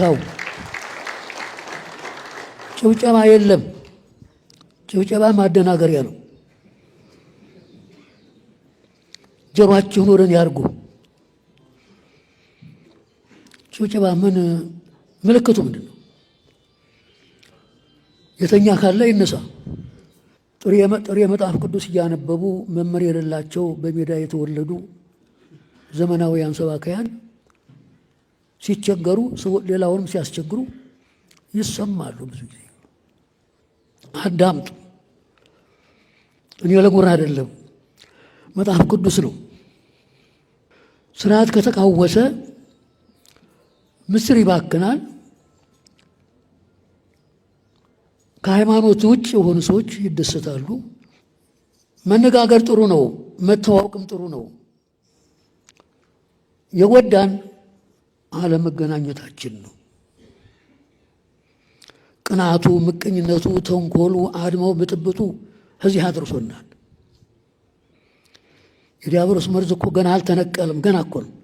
ተው፣ ጭብጨባ የለም። ጭብጨባ ማደናገሪያ ነው። ጀሯችሁን ወደን ያርጉ። ጭብጨባ ምን ምልክቱ ምንድን ነው? የተኛ ካለ ይነሳ። ጥሬ መጽሐፍ ቅዱስ እያነበቡ መምህር የሌላቸው በሜዳ የተወለዱ ዘመናዊ አንሰባካያን ሲቸገሩ ሌላውንም ሲያስቸግሩ ይሰማሉ። ብዙ ጊዜ አዳምጡ። እኔ ለጉራ አይደለም፣ መጽሐፍ ቅዱስ ነው። ስርዓት ከተቃወሰ ምስር ይባክናል። ከሃይማኖት ውጭ የሆኑ ሰዎች ይደሰታሉ። መነጋገር ጥሩ ነው፣ መተዋወቅም ጥሩ ነው። የጎዳን አለመገናኘታችን ነው። ቅናቱ፣ ምቀኝነቱ፣ ተንኮሉ፣ አድማው፣ ብጥብጡ እዚህ አድርሶናል። የዲያብሎስ መርዝ እኮ ገና አልተነቀልም፣ ገና እኮ ነው።